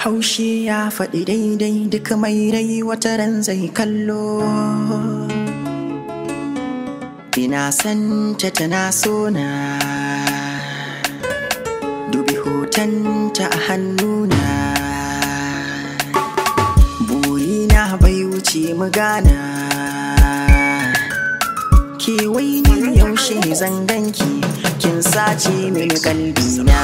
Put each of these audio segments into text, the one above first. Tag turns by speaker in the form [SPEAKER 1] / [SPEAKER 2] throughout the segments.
[SPEAKER 1] haushi ya faɗi daidai duk mai rai wata ran zai kallo ina san ta tana sona dubi ta a hannuna na bai wuce mu gana kewai ni yaushe zan zanganki kin sace mini kalbina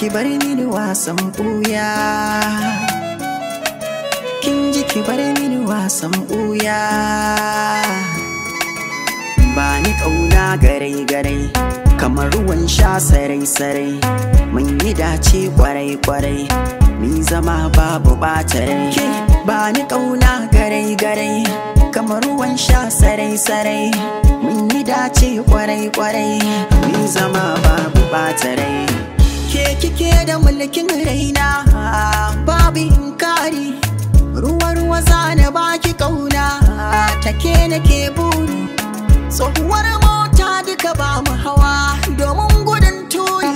[SPEAKER 1] ki bar mini wasan ɓuya, kin ji ki bar mini wasan ɓuya. ba ni kauna garai garai kamar ruwan sha sarai sarai mun yi dace kwarai kwarai ni zama babu ɓatarai ba ni kauna garai garai kamar ruwan sha sarai sarai mun yi dace kwarai kwarai ni zama babu ɓatarai ke kike da mulkin raina babu inkari ruwa ruwa zane baki kauna take nake buri tsohuwar mota duka ba mu hawa domin gudun turi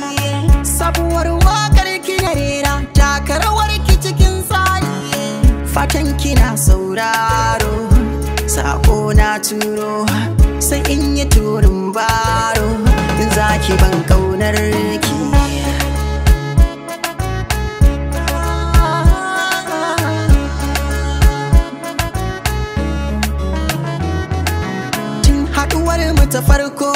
[SPEAKER 1] sabuwar wakar kina rera takarwar ki cikin tsari fatan kina sauraro sako na turo sai in yi turin baro in zaki ban kaunar mu ta farko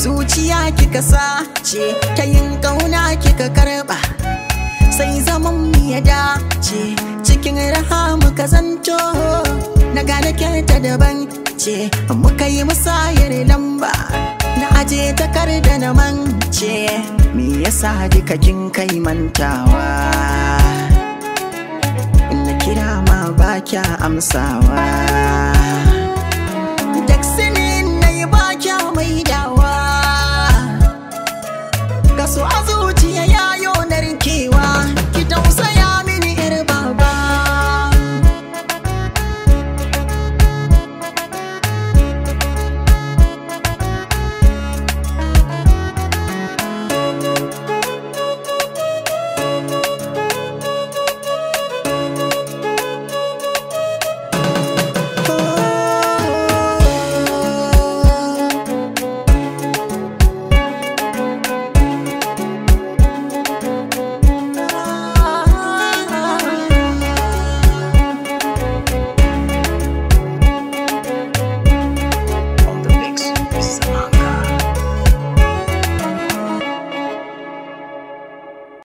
[SPEAKER 1] zuciya kika sace ta yin ƙauna kika karba sai zaman mu ya dace cikin raha ka zanto na gane ta daban ce muka yi musayar lamba na aje takarda na mance me yasa duka kin kai mantawa na kira ma ba kya amsawa house.